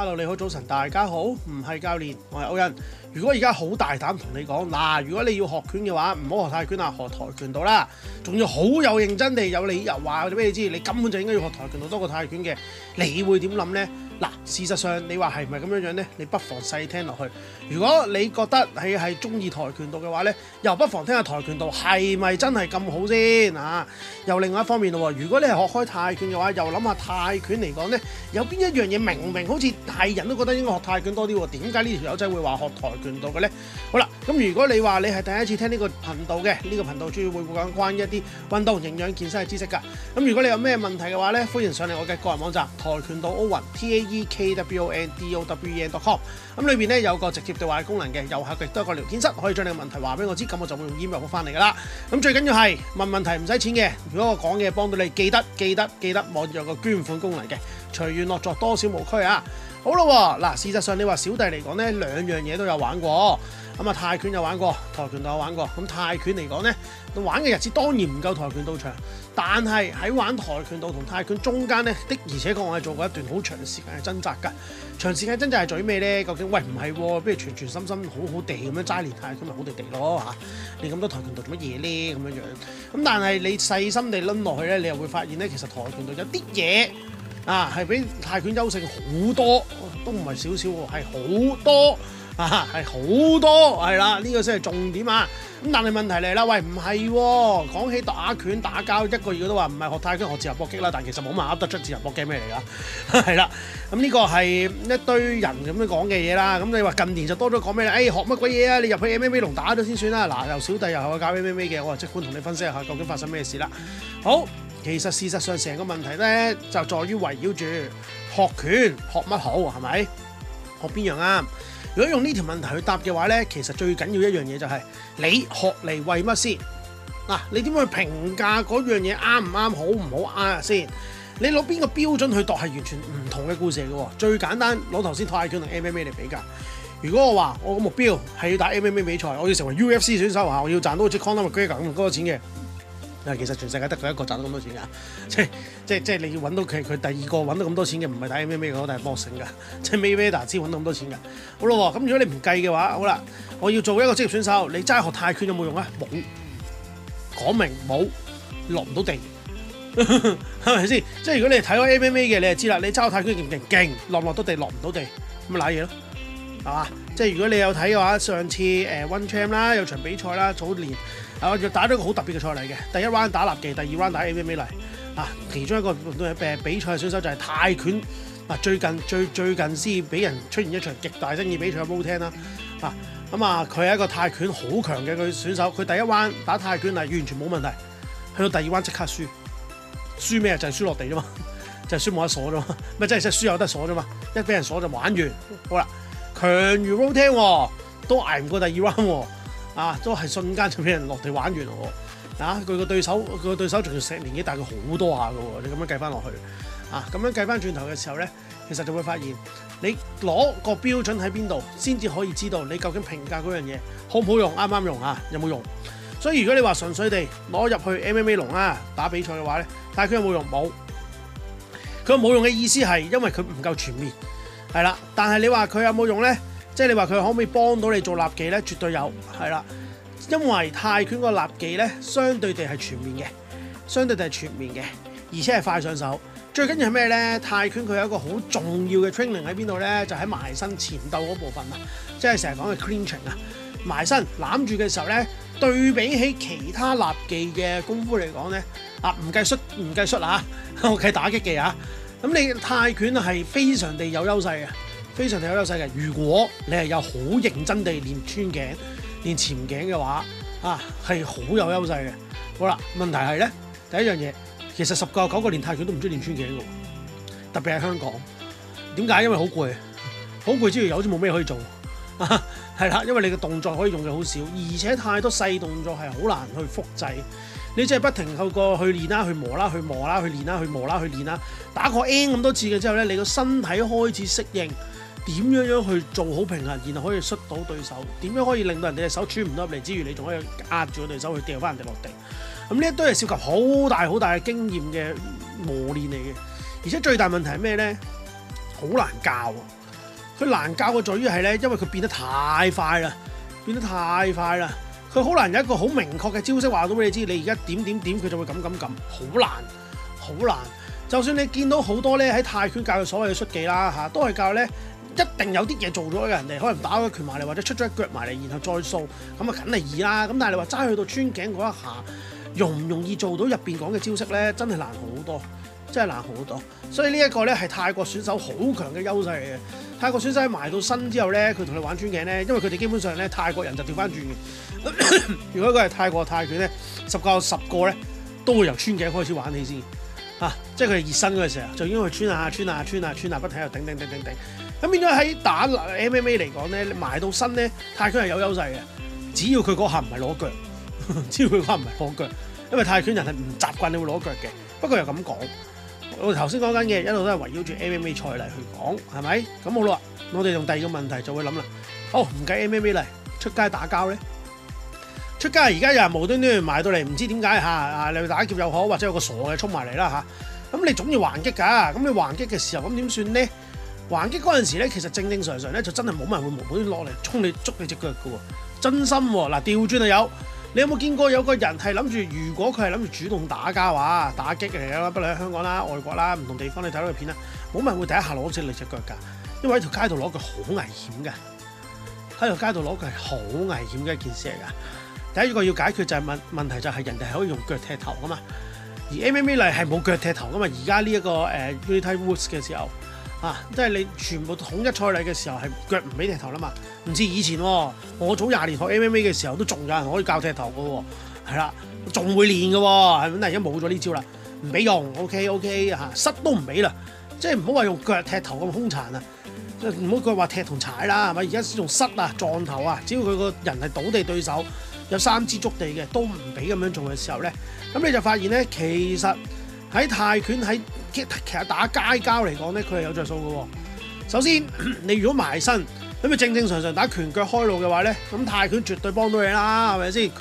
Hello，你好，早晨，大家好，唔係教練，我係歐恩。如果而家好大膽同你講，嗱，如果你要學拳嘅話，唔好學泰拳啦，學跆拳道啦，仲要好有認真地有理由話，我哋俾你知，你根本就應該要學跆拳道多過泰拳嘅，你會點諗呢？嗱，事實上你話係唔係咁樣樣呢？你不妨細聽落去。如果你覺得你係中意跆拳道嘅話呢，又不妨聽下跆拳道係咪真係咁好先吓，啊。又另外一方面咯，如果你係學開泰拳嘅話，又諗下泰拳嚟講呢，有邊一樣嘢明明？好似大人都覺得應該學泰拳多啲喎。點解呢條友仔會話學跆拳道嘅呢？好啦，咁如果你話你係第一次聽呢個頻道嘅，呢、呢個頻道主要會講關於一啲運動、營養、健身嘅知識㗎。咁如果你有咩問題嘅話呢，歡迎上嚟我嘅個人網站跆拳道 Owen T A。e k w o n d o w e n dot com 咁裏邊咧有個直接對話嘅功能嘅，遊客亦都有個聊天室，可以將你嘅問題話俾我知，咁我就會用 email 回覆翻你噶啦。咁最緊要係問問題唔使錢嘅，如果我講嘢幫到你，記得記得記得網頁個捐款功能嘅，隨緣落作多少無區啊！好啦，嗱，事實上你話小弟嚟講咧，兩樣嘢都有玩過，咁啊泰拳有玩過，跆拳道有玩過。咁泰拳嚟講咧，玩嘅日子當然唔夠跆拳道長，但係喺玩跆拳道同泰拳中間咧，的而且確我係做過一段好長時間嘅掙扎㗎。長時間掙扎係做咩咧？究竟喂唔係、啊，不如全全心心好好地咁樣齋練泰拳咪好地地咯嚇？你咁多跆拳道做乜嘢咧？咁樣樣。咁但係你細心地拎落去咧，你又會發現咧，其實跆拳道有啲嘢。啊，係比泰拳優勝好多，都唔係少少喎，係好多啊，係好多，係、啊、啦，呢、這個先係重點啊！咁但係問題嚟啦，喂，唔係、哦，講起打拳打交，一個月都話唔係學泰拳學自由搏擊啦，但係其實冇乜噏得出自由搏擊咩嚟噶，係啦，咁呢個係一堆人咁樣講嘅嘢啦。咁你話近年就多咗講咩啦？誒、欸，學乜鬼嘢啊？你入去 MMA 籠打咗先算啦、啊。嗱、啊，由小弟又係教 MMA 嘅，我即管同你分析下究竟發生咩事啦。好。其實事實上成個問題咧就在於圍繞住學拳學乜好係咪學邊樣啱？如果用呢條問題去答嘅話咧，其實最緊要的一樣嘢就係、是、你學嚟為乜先？嗱、啊，你點樣去評價嗰樣嘢啱唔啱好唔好啱、啊、先？你攞邊個標準去度係完全唔同嘅故事嘅。最簡單攞頭先泰拳同 MMA 嚟比較。如果我話我個目標係要打 MMA 比賽，我要成為 UFC 選手啊，我要賺到好似 Conor McGregor 咁多錢嘅。啊，其實全世界得佢一個賺到咁多錢噶，即即即你要揾到佢佢第二個揾到咁多錢嘅唔係睇 MMA 嘅，都係 Boxing 噶， 即 Mayweather 先揾到咁多錢噶。好咯，咁如果你唔計嘅話，好啦，我要做一個職業選手，你齋學泰拳有冇用啊？冇，講明冇落唔到地，係咪先？即，即如果你係睇開 MMA 嘅，你就知啦，你齋泰拳勁唔勁？勁，落落到地，落唔到地，咁咪瀨嘢咯，係嘛？即如果你有睇嘅話，上次誒 One Champ 啦，有場比賽啦，早年。啊、打咗個好特別嘅賽嚟嘅，第一彎打立技，第二灣打 MMA 嚟啊，其中一個唔同嘅比賽選手就係泰拳啊，最近最最近先俾人出現一場極大爭議比賽嘅羅聽啦啊，咁啊，佢、啊、係、啊、一個泰拳好強嘅佢選手，佢第一彎打泰拳係完全冇問題，去到第二彎即刻輸，輸咩就係、是、輸落地啫嘛，就係輸冇得鎖啫嘛，咪真係真係輸有得鎖啫嘛，一俾人鎖就玩完，好啦，強如羅聽都挨唔過第二彎。啊，都係瞬間就俾人落地玩完喎！啊，佢個對手，佢個對手仲要成年紀，大佢好多下噶喎！你咁樣計翻落去，啊，咁樣計翻轉頭嘅時候咧，其實就會發現你攞個標準喺邊度，先至可以知道你究竟評價嗰樣嘢好唔好用，啱唔啱用啊？有冇用？所以如果你話純粹地攞入去 MMA 籠啊打比賽嘅話咧，但係佢有冇用？冇。佢冇用嘅意思係因為佢唔夠全面，係啦。但係你話佢有冇用咧？即係你話佢可唔可以幫到你做立技咧？絕對有，係啦。因為泰拳個立技咧，相對地係全面嘅，相對地係全面嘅，而且係快上手。最緊要係咩咧？泰拳佢有一個好重要嘅 training 喺邊度咧？就喺埋身前鬥嗰部分啊！即係成日講嘅 clinching 啊，埋身攬住嘅時候咧，對比起其他立技嘅功夫嚟講咧，啊，唔計摔，唔計摔啦嚇，我計打擊技啊！咁你泰拳係非常地有優勢嘅。非常有優勢嘅。如果你係有好認真地練穿頸、練前頸嘅話，啊係好有優勢嘅。好啦，問題係咧，第一樣嘢其實十個九,九個練泰拳都唔中意練穿頸嘅，特別喺香港點解？因為好攰，好攰之餘又好似冇咩可以做，係、啊、啦，因為你嘅動作可以用嘅好少，而且太多細動作係好難去複製。你即係不停透過去練啦、去磨啦、去磨啦、去練啦、去磨啦、去練啦，打過 N 咁多次嘅之後咧，你個身體開始適應。點樣樣去做好平衡，然後可以摔到對手？點樣可以令到人哋隻手穿唔到入嚟之餘，你仲可以壓住個對手去掉翻人哋落地？咁呢一堆嘢涉及好大好大嘅經驗嘅磨練嚟嘅，而且最大問題係咩呢？好難教啊！佢難教嘅在於係呢，因為佢變得太快啦，變得太快啦，佢好難有一個好明確嘅招式話到俾你知，你而家點點點佢就會咁咁咁，好難，好難。就算你見到好多呢喺泰拳教嘅所謂嘅摔技啦嚇，都係教呢。一定有啲嘢做咗嘅人哋，可能打咗拳埋嚟，或者出咗一腳埋嚟，然後再掃咁啊，肯定易啦。咁但係你話齋去到穿頸嗰一下，容唔容易做到入邊講嘅招式咧？真係難好多，真係難好多。所以呢一個咧係泰國選手好強嘅優勢嚟嘅。泰國選手喺埋到身之後咧，佢同你玩穿頸咧，因為佢哋基本上咧泰國人就調翻轉嘅。如果佢係泰國泰拳咧，十個十個咧都會由穿頸開始玩起先啊，即係佢哋熱身嗰陣時候就已經去穿啊穿啊穿啊穿啊，啊不停又頂頂頂頂頂。咁變咗喺打 MMA 嚟講咧，你埋到身咧，泰拳係有優勢嘅。只要佢嗰下唔係攞腳呵呵，只要佢嗰下唔係放腳，因為泰拳人係唔習慣你會攞腳嘅。不過又咁講，我頭先講緊嘅一路都係圍繞住 MMA 賽嚟去講，係咪？咁好啦，我哋用第二個問題就會諗啦。好，唔計 MMA 嚟，出街打交咧，出街而家又係無端端埋到嚟，唔知點解嚇啊！你打劫又好，或者有個傻嘅衝埋嚟啦吓，咁、啊、你總要還擊㗎，咁你還擊嘅時候，咁點算咧？橫擊嗰陣時咧，其實正正常常咧，就真係冇人會無端端落嚟衝你捉你隻腳噶喎，真心喎嗱，掉轉啊有，你有冇見過有個人係諗住如果佢係諗住主動打架嘅話，打擊嚟噶啦，不論喺香港啦、外國啦、唔同地方，你睇到嘅片啦，冇人會第一下攞住你隻腳㗎，因為喺條街度攞佢好危險㗎，喺條街度攞佢係好危險嘅一件事嚟噶。第一個要解決就係、是、問問題就係人哋係可以用腳踢頭噶嘛，而 MMA 嚟係冇腳踢頭噶嘛，而家呢一個誒，嘅時候。啊！即係你全部統一賽例嘅時候係腳唔俾踢頭啦嘛，唔似以前、哦。我早廿年學 MMA 嘅時候都仲有人可以教踢頭嘅喎、哦，係啦，仲會練嘅喎、哦，係咪？但係而家冇咗呢招啦，唔俾用。OK OK 嚇、啊，膝都唔俾啦，即係唔好話用腳踢頭咁凶殘啊，唔好佢話踢同踩啦，係咪？而家先用膝啊撞頭啊，只要佢個人係倒地對手，有三支足地嘅都唔俾咁樣做嘅時候咧，咁你就發現咧，其實喺泰拳喺。其實打街交嚟講咧，佢係有着數嘅。首先，你如果埋身，咁啊正正常常打拳腳開路嘅話咧，咁泰拳絕對幫到你啦，係咪先？拳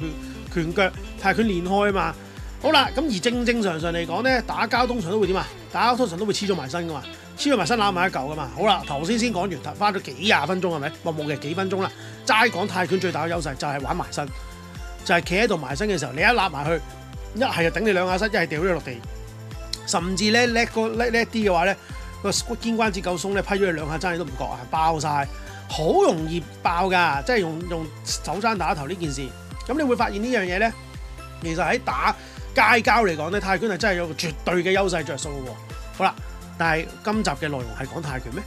拳腳泰拳練開啊嘛。好啦，咁而正正常常嚟講咧，打交通常都會點啊？打交通常都會黐咗埋身噶嘛，黐咗埋身攬埋一嚿噶嘛。好啦，頭先先講完，花咗幾廿分鐘係咪？我冇嘅幾分鐘啦，齋講泰拳最大嘅優勢就係玩埋身，就係企喺度埋身嘅時候，你一攬埋去，一係就頂你兩下身，一係掉咗落地。甚至咧叻個叻叻啲嘅話咧，個肩關節夠鬆咧，批咗你兩下真係都唔覺啊，爆晒，好容易爆㗎，即係用用手踭打頭呢件事。咁你會發現呢樣嘢咧，其實喺打街交嚟講咧，泰拳係真係有個絕對嘅優勢着數喎。好啦，但係今集嘅內容係講泰拳咩？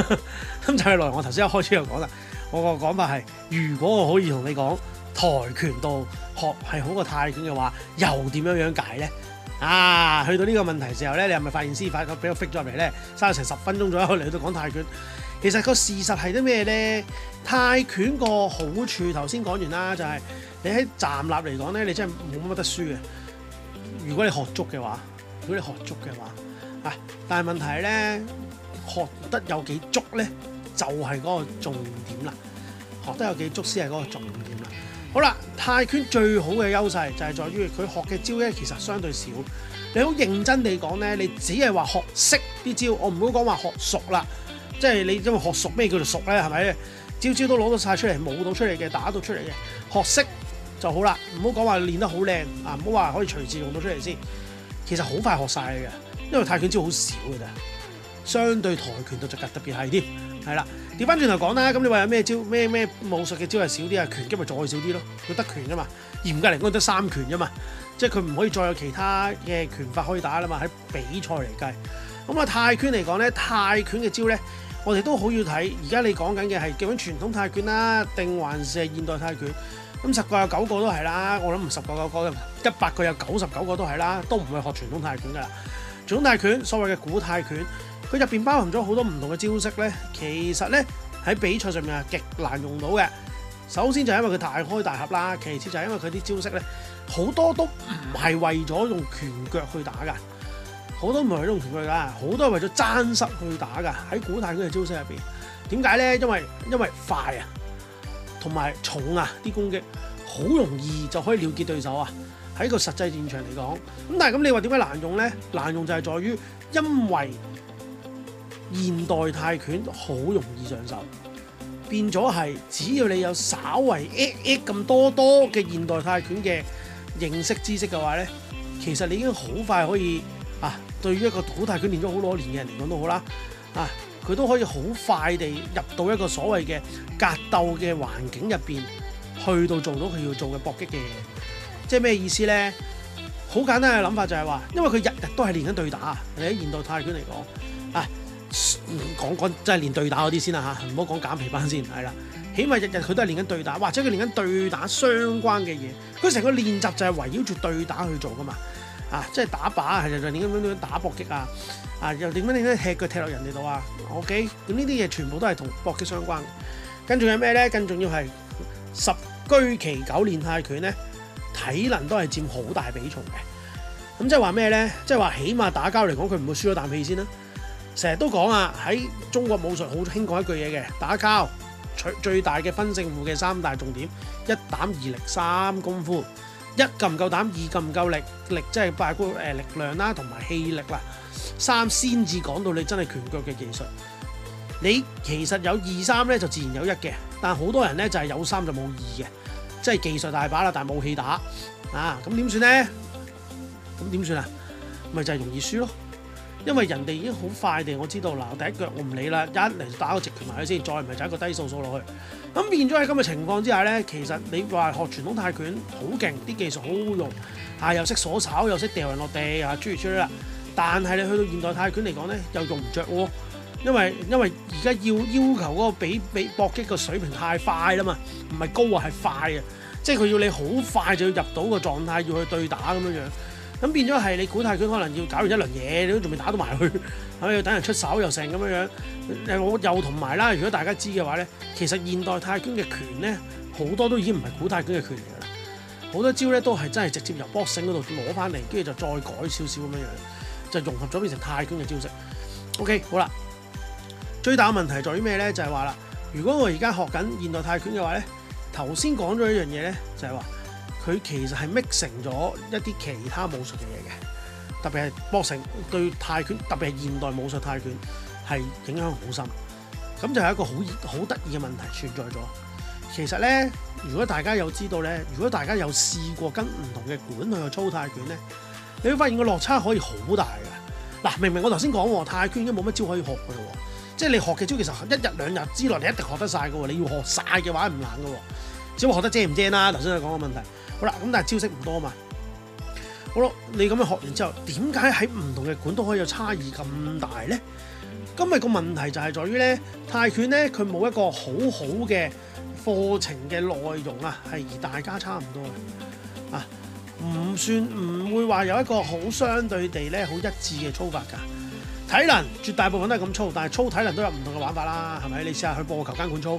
今集嘅內容我頭先一開始就講啦，我個講法係，如果我可以同你講，跆拳道學係好過泰拳嘅話，又點樣樣解咧？啊，去到呢個問題時候咧，你係咪發現師父個俾我 fit 咗入嚟咧？嘥咗成十分鐘左右嚟到講泰拳，其實個事實係啲咩咧？泰拳個好處頭先講完啦，就係你喺站立嚟講咧，你真係冇乜乜得輸嘅。如果你學足嘅話，如果你學足嘅話啊，但係問題咧，學得有幾足咧，就係嗰個重點啦。學得有幾足先係嗰個重點。好啦，泰拳最好嘅優勢就係在於佢學嘅招咧，其實相對少。你好認真地講咧，你只係話學識啲招，我唔好講話學熟啦。即係你因為學熟咩叫做熟咧？係咪招招都攞到晒出嚟，舞到出嚟嘅，打到出嚟嘅，學識就好啦。唔好講話練得好靚啊，唔好話可以隨時用到出嚟先。其實好快學晒嘅，因為泰拳招好少嘅咋，相對跆拳道就特別係添，係啦。調翻轉頭講啦，咁你話有咩招咩咩武術嘅招係少啲啊？拳擊咪再少啲咯，佢得拳啊嘛，嚴格嚟講得三拳啫嘛，即係佢唔可以再有其他嘅拳法可以打啦嘛，喺比賽嚟計。咁啊泰拳嚟講咧，泰拳嘅招咧，我哋都好要睇。而家你講緊嘅係究竟傳統泰拳啦，定還是係現代泰拳？咁十個有九個都係啦，我諗唔十個九個，一百個有九十九個都係啦，都唔係學傳統泰拳嘅喇。傳統泰拳所謂嘅古泰拳。佢入邊包含咗好多唔同嘅招式咧。其實咧喺比賽上面係極難用到嘅。首先就係因為佢大開大合啦，其次就係因為佢啲招式咧好多都唔係為咗用拳腳去打嘅，好多唔係用拳腳嘅，好多係為咗掙失去打嘅，喺古泰拳嘅招式入邊。點解咧？因為因為快啊，同埋重啊，啲攻擊好容易就可以了結對手啊。喺個實際現場嚟講咁，但係咁你話點解難用咧？難用就係在於因為。現代泰拳好容易上手，變咗係只要你有稍為 A A 咁多多嘅現代泰拳嘅認識知識嘅話咧，其實你已經好快可以啊。對於一個土泰拳練咗好多年嘅人嚟講都好啦啊，佢都可以好快地入到一個所謂嘅格鬥嘅環境入邊，去到做到佢要做嘅搏擊嘅嘢。即係咩意思咧？好簡單嘅諗法就係話，因為佢日日都係練緊對打，你喺現代泰拳嚟講啊。講講真係練對打嗰啲先啦、啊、吓，唔好講減肥班先係啦。起碼日日佢都係練緊對打，或者佢練緊對打相關嘅嘢。佢成個練習就係圍繞住對打去做噶嘛。啊，即係打靶，係就練緊點樣打搏擊啊，啊，又點樣點樣踢腳踢落人哋度啊。OK，咁呢啲嘢全部都係同搏擊相關。跟住有咩咧？更重要係十居其九練泰拳咧，體能都係佔好大比重嘅。咁即係話咩咧？即係話起碼打交嚟講，佢唔會輸咗啖氣先啦、啊。成日都講啊，喺中國武術好興講一句嘢嘅打交最最大嘅分勝負嘅三大重點：一膽、二力、三功夫。一冚唔夠膽，二冚唔夠力，力即係拜姑力量啦，同埋氣力啦。三先至講到你真係拳腳嘅技術。你其實有二三咧，就自然有一嘅。但好多人咧就係有三就冇二嘅，即係技術大把啦，但係冇氣打啊。咁點算咧？咁點算啊？咪就係容易輸咯。因為人哋已經好快地，我知道嗱，第一腳我唔理啦，一嚟打個直拳埋去先，再唔係就一個低掃掃落去。咁變咗喺咁嘅情況之下咧，其實你話學傳統泰拳好勁，啲技術好用，啊又識鎖手，又識掉人落地，啊諸如此類啦。但係你去到現代泰拳嚟講咧，又用唔著喎，因為因為而家要要求嗰個比比搏擊個水平太快啦嘛，唔係高啊，係快啊，即係佢要你好快就要入到個狀態要去對打咁樣。咁變咗係你古泰拳可能要搞完一輪嘢，你都仲未打到埋去，係咪要等人出手又成咁樣樣？誒，我又同埋啦。如果大家知嘅話咧，其實現代泰拳嘅拳咧，好多都已經唔係古泰拳嘅拳嚟噶啦。好多招咧都係真係直接由 boxing 嗰度攞翻嚟，跟住就再改少少咁樣樣，就融合咗變成泰拳嘅招式。OK，好啦。最大問題在於咩咧？就係話啦，如果我而家學緊現代泰拳嘅話咧，頭先講咗一樣嘢咧，就係話。佢其實係 mix 成咗一啲其他武術嘅嘢嘅，特別係博成對泰拳，特別係現代武術泰拳係影響好深。咁就係一個好好得意嘅問題存在咗。其實咧，如果大家有知道咧，如果大家有試過跟唔同嘅館去操泰拳咧，你會發現個落差可以好大㗎。嗱，明明我頭先講泰拳已經冇乜招可以學嘅喎，即係你學嘅招其實一日兩日之內你一定學得晒嘅喎，你要學晒嘅話唔難嘅喎。主要學得精唔精啦、啊。頭先你講個問題，好啦，咁但係招式唔多啊嘛。好啦，你咁樣學完之後，點解喺唔同嘅館都可以有差異咁大咧？今日個問題就係在於咧，泰拳咧，佢冇一個好好嘅課程嘅內容啊，係而大家差唔多啊，唔算唔會話有一個好相對地咧，好一致嘅操法㗎。體能絕大部分都係咁操，但係操體能都有唔同嘅玩法啦，係咪？你試下去播球間館操，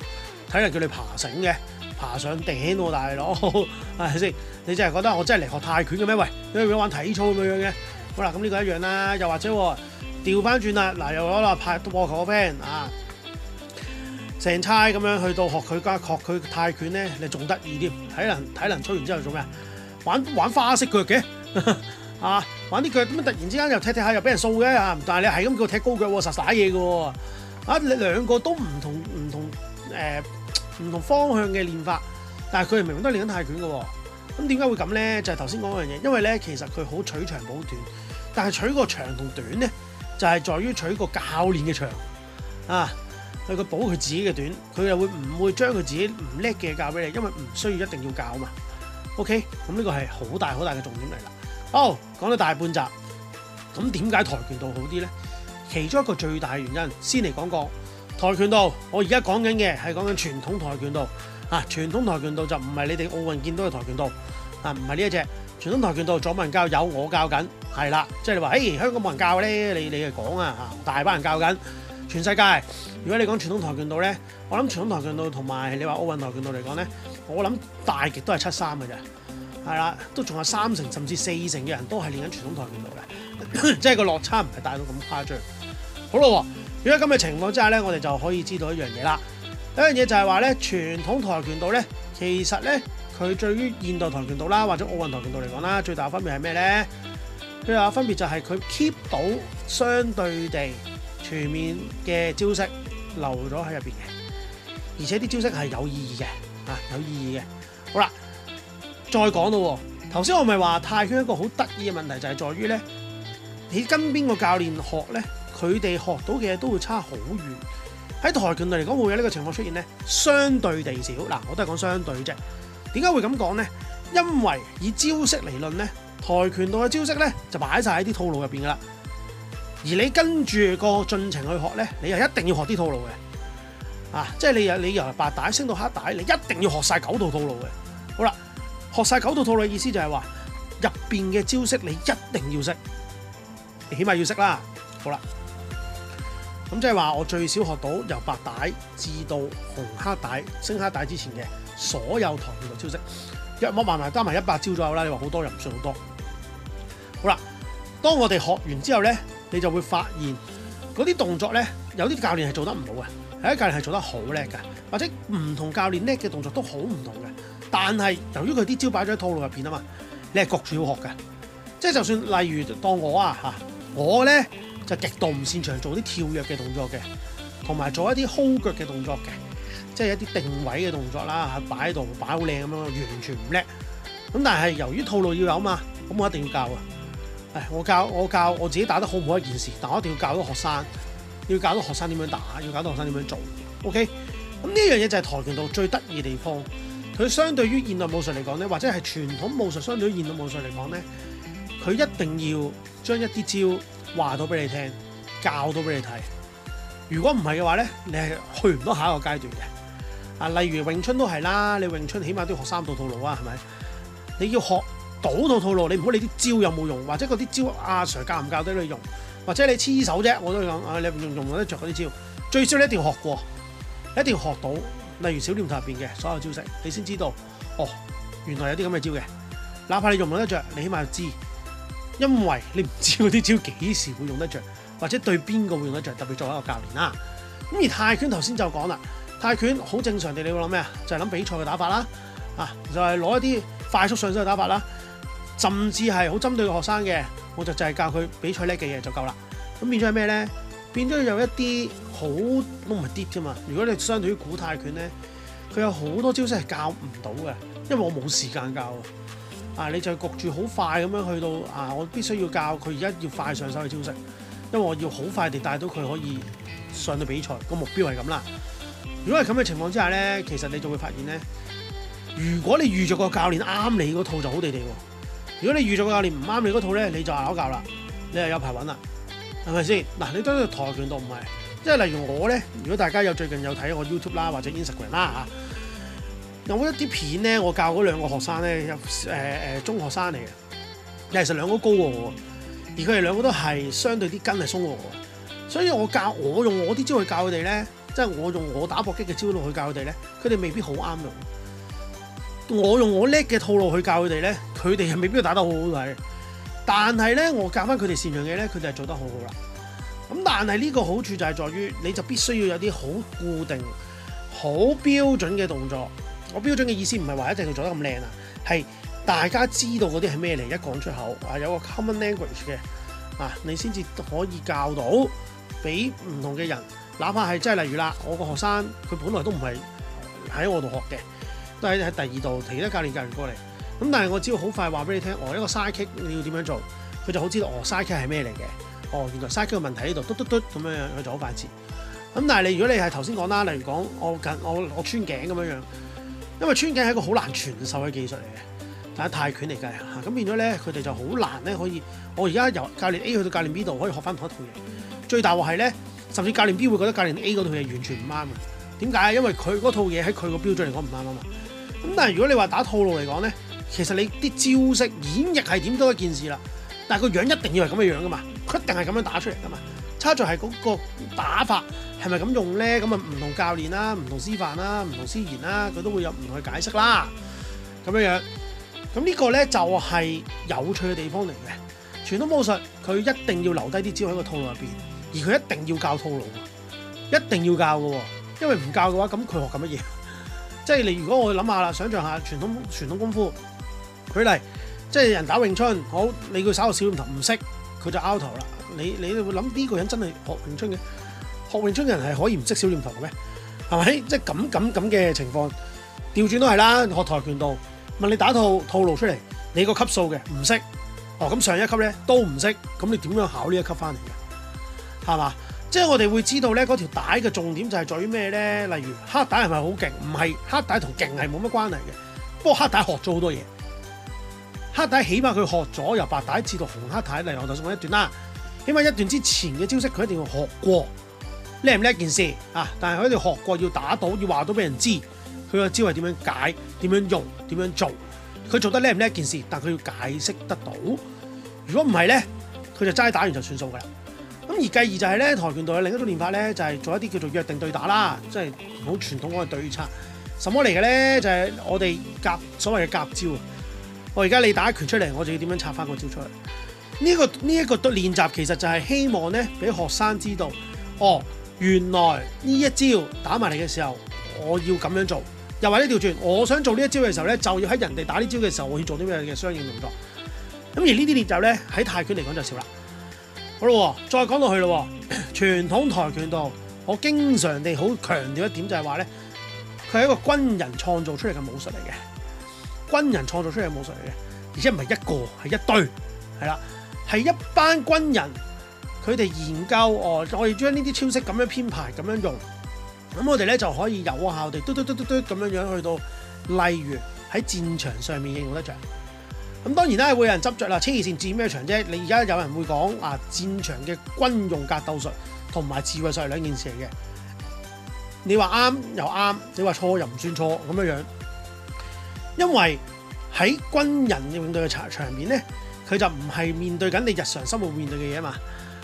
體能叫你爬繩嘅。爬上頂喎、啊，大佬係咪先？你真係覺得我真係嚟學泰拳嘅咩？喂，你如果玩體操咁樣嘅，好啦，咁呢個一樣啦。又或者調翻轉啦，嗱，又攞個排球嘅 friend 啊，成差咁樣去到學佢家學佢泰拳咧，你仲得意啲？體能體能操完之後做咩？玩玩花式腳嘅啊，玩啲腳點解突然之間又踢踢下又俾人掃嘅啊？但係你係咁叫我踢高腳喎、啊，實打嘢嘅喎。啊，你兩個都唔同唔同誒。呃唔同方向嘅練法，但係佢哋明明都係練緊泰拳嘅，咁點解會咁呢？就係頭先講嗰樣嘢，因為呢，其實佢好取長補短，但係取個長同短呢，就係在於取個教練嘅長啊，佢會補佢自己嘅短，佢又會唔會將佢自己唔叻嘅教俾你？因為唔需要一定要教嘛。OK，咁呢個係好大好大嘅重點嚟。啦。哦，講到大半集，咁點解跆拳道好啲呢？其中一個最大原因，先嚟講個。跆拳道，我而家講緊嘅係講緊傳統跆拳道啊！傳統跆拳道就唔係你哋奧運見到嘅跆拳道啊，唔係呢一隻。傳統跆拳道左冇人教，有我教緊，係啦。即係你話，誒、哎、香港冇人教咧，你你係講啊嚇，大班人教緊。全世界，如果你講傳統跆拳道咧，我諗傳統跆拳道同埋你話奧運跆拳道嚟講咧，我諗大極都係七三嘅啫，係啦，都仲有三成甚至四成嘅人都係練緊傳統跆拳道嘅，即係個落差唔係大到咁誇張。好啦、哦。如果咁嘅情況之下咧，我哋就可以知道一樣嘢啦。第一樣嘢就係話咧，傳統跆拳道咧，其實咧佢對於現代跆拳道啦，或者奧運跆拳道嚟講啦，最大分別係咩咧？佢話分別就係佢 keep 到相對地全面嘅招式留咗喺入邊嘅，而且啲招式係有意義嘅，嚇、啊、有意義嘅。好啦，再講咯。頭先我咪話泰拳一個好得意嘅問題就係在於咧，你跟邊個教練學咧？佢哋學到嘅嘢都會差好遠，喺跆拳道嚟講會有呢個情況出現呢，相對地少。嗱，我都係講相對啫。點解會咁講呢？因為以招式嚟論呢，跆拳道嘅招式呢，就擺晒喺啲套路入邊噶啦。而你跟住個進程去學呢，你又一定要學啲套路嘅。啊，即係你由你由白帶升到黑帶，你一定要學晒九套套路嘅。好啦，學晒九套套路嘅意思就係話入邊嘅招式你一定要識，你起碼要識啦。好啦。咁即係話，我最少學到由白帶至到紅黑帶、升黑帶之前嘅所有台面嘅招式，約莫埋埋加埋一百招左右啦。你話好多又唔算好多。好啦，當我哋學完之後咧，你就會發現嗰啲動作咧，有啲教練係做得唔好嘅，有啲教練係做得好叻嘅，或者唔同教練叻嘅動作都好唔同嘅。但係由於佢啲招擺咗喺套路入邊啊嘛，你係局住要學嘅。即係就算例如當我啊嚇，我咧，就極度唔擅長做啲跳躍嘅動作嘅，同埋做一啲 hold 腳嘅動作嘅，即係一啲定位嘅動作啦，擺喺度擺好靚咁樣，完全唔叻。咁但係由於套路要有嘛，咁我一定要教啊！我教我教，我自己打得好唔好一件事，但我一定要教到學生，要教到學生點樣打，要教到學生點樣做。OK，咁呢一樣嘢就係跆拳道最得意嘅地方，佢相對於現代武術嚟講咧，或者係傳統武術相對於現代武術嚟講咧。佢一定要將一啲招話到俾你聽，教到俾你睇。如果唔係嘅話咧，你係去唔到下一個階段嘅。啊，例如詠春都係啦，你詠春起碼都要學三套套路啊，係咪？你要學到套套路，你唔好你啲招有冇用，或者嗰啲招阿、啊、Sir 教唔教得你用，或者你黐手啫。我都講啊，你用用得着嗰啲招，最少你一定要學過，你一定要學到。例如小念頭入邊嘅所有招式，你先知道哦。原來有啲咁嘅招嘅，哪怕你用唔用得着，你起碼知。因為你唔知嗰啲招幾時會用得着，或者對邊個會用得着，特別作為一個教練啦。咁而泰拳頭先就講啦，泰拳好正常地，你會諗咩啊？就係諗比賽嘅打法啦，啊，就係攞一啲快速上手嘅打法啦，甚至係好針對嘅學生嘅，我就就係教佢比賽叻嘅嘢就夠啦。咁變咗係咩咧？變咗有一啲好都唔係啲㗎嘛。如果你相對於古泰拳咧，佢有好多招式係教唔到嘅，因為我冇時間教。啊！你就焗住好快咁樣去到啊！我必須要教佢而家要快上手去招式，因為我要好快地帶到佢可以上到比賽。個目標係咁啦。如果係咁嘅情況之下咧，其實你就會發現咧，如果你遇著個教練啱你嗰套就好地地喎。如果你遇著個教練唔啱你嗰套咧，你就拗教啦，你又有排揾啦，係咪先？嗱、啊，你都數跆拳道唔係，即係例如我咧。如果大家有最近有睇我 YouTube 啦或者 Instagram 啦有一啲片咧，我教嗰兩個學生咧，有、呃、誒中學生嚟嘅，其實兩個高我，而佢哋兩個都係相對啲筋係鬆我，所以我教我用我啲招去教佢哋咧，即係我用我打搏擊嘅招路去教佢哋咧，佢哋未必好啱用。我用我叻嘅套路去教佢哋咧，佢哋係未必打得好好睇。但係咧，我教翻佢哋擅長嘅咧，佢哋係做得好好啦。咁但係呢個好處就係在於，你就必須要有啲好固定、好標準嘅動作。我標準嘅意思唔係話一定要做得咁靚啊，係大家知道嗰啲係咩嚟，一講出口啊，有個 common language 嘅啊，你先至可以教到俾唔同嘅人，哪怕係即係例如啦，我個學生佢本來都唔係喺我度學嘅，都喺喺第二度其他教練教完過嚟，咁但係我只要好快話俾你聽，哦，一個 side kick 你要點樣做，佢就好知道哦，side kick 係咩嚟嘅，哦，來的哦原來 side kick 嘅問題呢度，嘟嘟嘟咁樣樣，佢就好快知。咁但係你如果你係頭先講啦，例如講我近我我，我穿頸咁樣樣。因為穿頸係一個好難傳授嘅技術嚟嘅，但係泰拳嚟計啊，咁變咗咧，佢哋就好難咧可以。我而家由教練 A 去到教練 B 度，可以學翻同一套嘢。最大鑊係咧，甚至教練 B 會覺得教練 A 嗰套嘢完全唔啱啊。點解？因為佢嗰套嘢喺佢個標準嚟講唔啱啊嘛。咁但係如果你話打套路嚟講咧，其實你啲招式演繹係點都一件事啦。但係個樣一定要係咁嘅樣噶嘛，佢一定係咁樣打出嚟噶嘛。差在係嗰個打法係咪咁用咧？咁啊唔同教練啦，唔同師範啦，唔同師言啦，佢都會有唔同嘅解釋啦，咁樣樣。咁呢個咧就係有趣嘅地方嚟嘅。傳統武術佢一定要留低啲招喺個套路入邊，而佢一定要教套路，一定要教嘅。因為唔教嘅話，咁佢學緊乜嘢？即係你如果我諗下啦，想象下傳統傳統功夫，舉例，即係人打詠春，好你叫佢耍個小念頭，唔同唔識，佢就 out 頭啦。你你會諗呢個人真係學詠春嘅？學詠春嘅人係可以唔識小念頭嘅咩？係咪？即係咁咁咁嘅情況，調轉都係啦。學跆拳道問你打套套路出嚟，你個級數嘅唔識，哦咁上一級咧都唔識，咁你點樣考呢一級翻嚟嘅？係嘛？即係我哋會知道咧，嗰條帶嘅重點就係在於咩咧？例如黑帶係咪好勁？唔係，黑帶同勁係冇乜關係嘅。不過黑帶學咗好多嘢，黑帶起碼佢學咗由白帶至到紅黑帶，例如我頭先講一段啦。起碼一段之前嘅招式，佢一定要學過。叻唔叻件事啊！但係佢一定要學過，要打到，要話到俾人知，佢個招係點樣解，點樣用、點樣做，佢做得叻唔叻件事，但佢要解釋得到。如果唔係咧，佢就齋打完就算數噶啦。咁而繼而就係咧，跆拳道嘅另一種練法咧，就係做一啲叫做約定對打啦，即係好傳統嗰個對策。什麼嚟嘅咧？就係我哋夾所謂嘅夾招啊！我而家你打一拳出嚟，我就要點樣拆翻個招出嚟。呢、個呢一個練習其實就係希望咧，俾學生知道，哦，原來呢一招打埋嚟嘅時候，我要咁樣做。又或者調轉，我想做呢一招嘅時候咧，就要喺人哋打呢招嘅時候，我要做啲咩嘅相應動作。咁而呢啲練習咧，喺泰拳嚟講就少啦。好啦喎，再講到去啦喎。傳統跆拳道，我經常地好強調一點就係話咧，佢係一個軍人創造出嚟嘅武術嚟嘅，軍人創造出嚟嘅武術嚟嘅，而且唔係一個，係一堆，係啦。係一班軍人，佢哋研究，哦，我哋將呢啲招式咁樣編排，咁樣用，咁我哋咧就可以有效地嘟嘟嘟嘟嘟咁樣樣去到，例如喺戰場上面應用得着。咁當然啦，會有人執著啦，黐線戰咩場啫？你而家有人會講啊，戰場嘅軍用格鬥術同埋智慧術係兩件事嚟嘅。你話啱又啱，你話錯又唔算錯咁樣樣，因為喺軍人應用到嘅場場面咧。佢就唔係面對緊你日常生活面對嘅嘢啊嘛，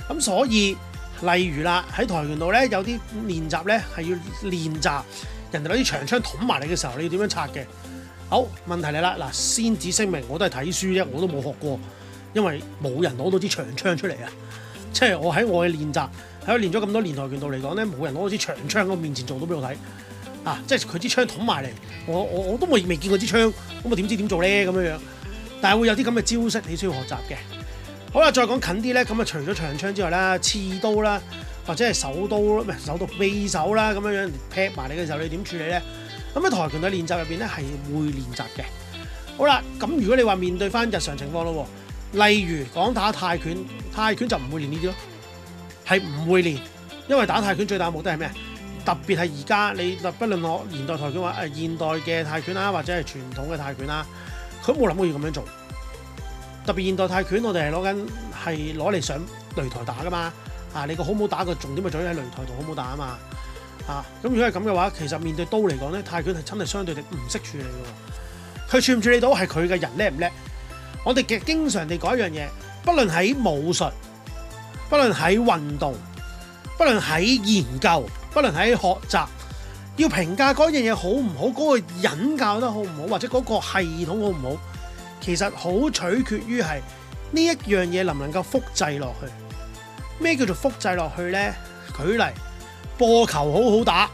咁所以例如啦，喺跆拳道咧有啲練習咧係要練習，人哋攞啲長槍捅埋你嘅時候，你要點樣拆嘅？好問題嚟啦，嗱先至聲明，我都係睇書啫，我都冇學過，因為冇人攞到支長槍出嚟啊，即係我喺我嘅練習，喺我練咗咁多年跆拳道嚟講咧，冇人攞到支長槍喺我面前做到俾我睇，啊，即係佢支槍捅埋嚟，我我我都未未見過支槍，咁啊點知點做咧咁樣樣？但係會有啲咁嘅招式，你需要學習嘅。好啦，再講近啲咧，咁啊除咗長槍之外啦，刺刀啦，或者係手刀，唔係手刀，匕首啦，咁樣樣劈埋你嘅時候，你點處理咧？咁喺跆拳嘅練習入邊咧係會練習嘅。好啦，咁如果你話面對翻日常情況咯，例如講打泰拳，泰拳就唔會練呢啲咯，係唔會練，因為打泰拳最大嘅目的係咩？特別係而家你不論我現代泰拳話誒，現代嘅泰拳啦，或者係傳統嘅泰拳啦。佢冇諗過要咁樣做，特別現代泰拳，我哋係攞緊係攞嚟上擂台打噶嘛，嘛，啊！你個好唔好打個重點咪就喺擂台度好唔好打啊嘛，啊！咁如果係咁嘅話，其實面對刀嚟講咧，泰拳係真係相對地唔識處理噶，佢處唔處理到係佢嘅人叻唔叻。我哋嘅經常地講一樣嘢，不論喺武術，不論喺運動，不論喺研究，不論喺學習。要評價嗰樣嘢好唔好，嗰個引教得好唔好，或者嗰個系統好唔好，其實好取決於係呢一樣嘢能唔能夠複製落去。咩叫做複製落去呢？舉例，播球好好打，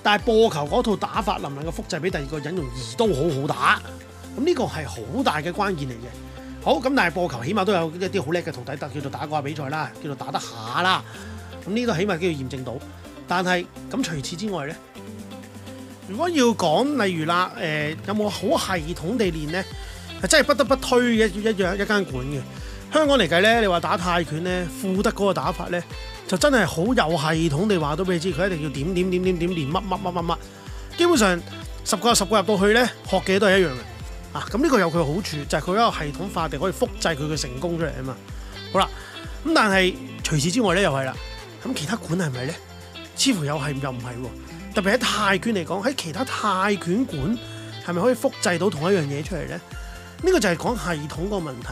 但係播球嗰套打法能唔能夠複製俾第二個人用二都好好打？咁呢個係好大嘅關鍵嚟嘅。好咁，但係播球起碼都有一啲好叻嘅徒弟，特叫做打過下比賽啦，叫做打得下啦。咁呢個起碼都要驗證到。但係咁除此之外咧，如果要講例如啦，誒、呃、有冇好系統地練咧，係真係不得不推嘅一一樣一間館嘅。香港嚟計咧，你話打泰拳咧，富德嗰個打法咧，就真係好有系統地話到俾你知，佢一定要點點點點點,點練乜乜乜乜乜。基本上十個十個入到去咧，學嘅嘢都係一樣嘅。啊，咁呢個有佢嘅好處，就係、是、佢一個系統化地可以複製佢嘅成功出嚟啊嘛。好啦，咁但係除此之外咧又係啦，咁其他館係咪咧？似乎又係又唔係喎，特別喺泰拳嚟講，喺其他泰拳館係咪可以複製到同一樣嘢出嚟呢？呢個就係講系統個問題。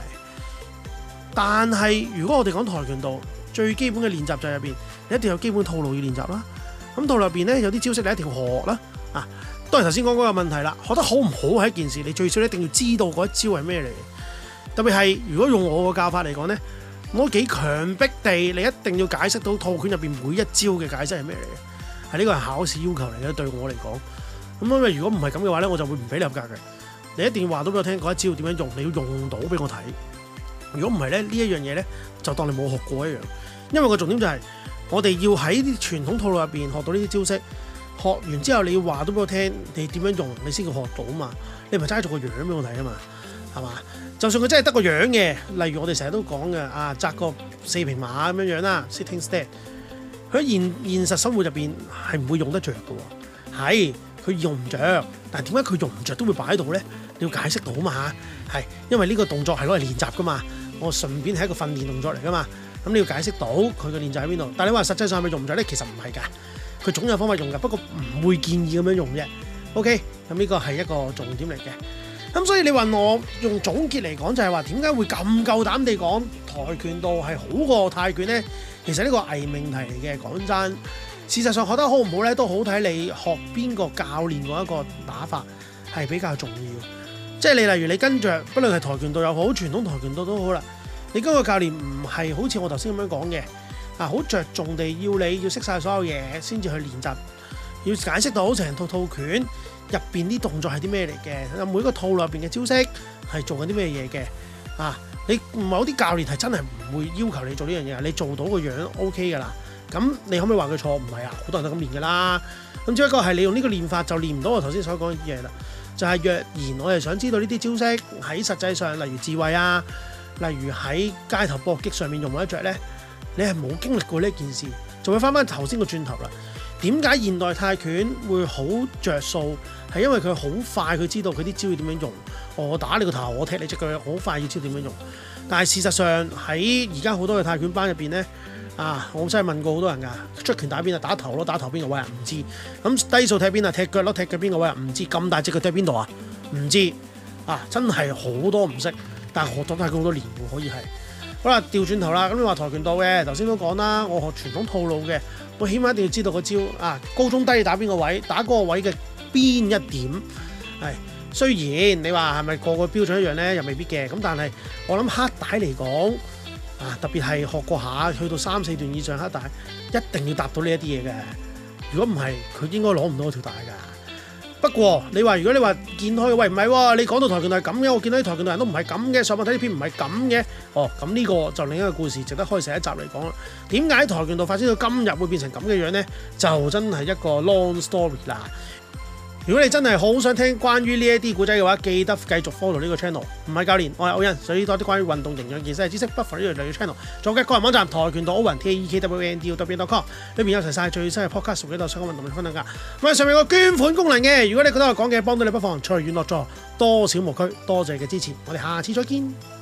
但係如果我哋講跆拳道，最基本嘅練習就係入邊，你一定要有基本套路要練習啦。咁套路入邊呢，有啲招式你一定要學啦。啊，當然頭先講嗰個問題啦，學得好唔好係一件事，你最少一定要知道嗰一招係咩嚟嘅。特別係如果用我個教法嚟講呢。我幾強迫地，你一定要解釋到套拳入邊每一招嘅解釋係咩嚟嘅，係呢個係考試要求嚟嘅，對我嚟講。咁因為如果唔係咁嘅話咧，我就會唔俾你合格嘅。你一定要話到俾我聽，嗰一招點樣用，你要用到俾我睇。如果唔係咧，呢一樣嘢咧，就當你冇學過一樣。因為個重點就係、係、我哋要喺啲傳統套路入邊學到呢啲招式，學完之後你要話到俾我聽，你點樣用，你先至學到啊嘛。你咪係齋做個樣俾我睇啊嘛，係嘛？就算佢真係得個樣嘅，例如我哋成日都講嘅，啊扎個四平馬咁樣樣啦，sitting stance，佢喺現現實生活入邊係唔會用得著嘅，係佢用唔着，但係點解佢用唔着都會擺喺度咧？你要解釋到啊嘛嚇，係因為呢個動作係攞嚟練習噶嘛，我順便係一個訓練動作嚟噶嘛。咁你要解釋到佢嘅練習喺邊度？但係你話實際上係咪用唔着咧？其實唔係㗎，佢總有方法用㗎，不過唔會建議咁樣用啫。OK，咁呢個係一個重點嚟嘅。咁、嗯、所以你問我用總結嚟講就係話點解會咁夠膽地講跆拳道係好過泰拳呢？其實呢個偽命題嚟嘅，講真，事實上學得好唔好呢，都好睇你學邊個教練嗰一個打法係比較重要。即、就、係、是、你例如你跟著，不論係跆拳道又好，傳統跆拳道都好啦，你跟個教練唔係好似我頭先咁樣講嘅，啊好着重地要你要識晒所有嘢先至去練習，要解釋到成套套拳。入面啲動作係啲咩嚟嘅？每個套路入邊嘅招式係做緊啲咩嘢嘅？啊，你某啲教練係真係唔會要求你做呢樣嘢，你做到個樣 OK 㗎啦。咁你可唔可以話佢錯？唔係啊，好多人都咁練㗎啦。咁只不過係你用呢個練法就練唔到我頭先所講嘅嘢啦。就係若然我係想知道呢啲招式喺實際上，例如智慧啊，例如喺街頭搏擊上面用得着呢？你係冇經歷過呢件事，就會翻翻頭先個轉頭啦。點解現代泰拳會好着數？係因為佢好快，佢知道佢啲招要點樣用。我打你個頭，我踢你隻腳，好快要知道點樣用。但係事實上喺而家好多嘅泰拳班入邊咧，啊，我真係問過好多人㗎。出拳打邊啊？打頭咯，打頭邊個位啊？唔知。咁低數踢邊啊？踢腳咯，踢腳邊個位啊？唔知。咁大隻腳踢邊度啊？唔知。啊，真係好多唔識。但係學咗泰拳好多年，可以係。好啦，調轉頭啦。咁你話跆拳道嘅，頭先都講啦，我學傳統套路嘅。我起碼一定要知道個招啊，高中低要打邊個位，打嗰個位嘅邊一點，係雖然你話係咪個個標準一樣呢，又未必嘅。咁但係我諗黑帶嚟講啊，特別係學過下去到三四段以上黑帶，一定要搭到呢一啲嘢嘅。如果唔係，佢應該攞唔到條帶㗎。不過，你話如果你話健康喂唔係喎，你講到跆拳道係咁嘅，我見到啲跆拳道人都唔係咁嘅，上網睇啲片唔係咁嘅，哦，咁呢個就另一個故事，值得開成一集嚟講啦。點解跆拳道發展到今日會變成咁嘅樣呢？就真係一個 long story 啦。如果你真係好想聽關於呢一啲古仔嘅話，記得繼續 follow 呢個 channel。唔係教練，我係 Owen，所以多啲關於運動營養健身嘅知識，不妨呢度留嘅 channel。做嘅個人網站跆拳道 Owen taekwondowen dot com，裏面有齊晒最新嘅 podcast 同度，多相關運動嘅分享噶。咁啊，上面有個捐款功能嘅，如果你覺得我講嘅幫到你，不妨隨緣樂助，多少無拘，多謝你嘅支持。我哋下次再見。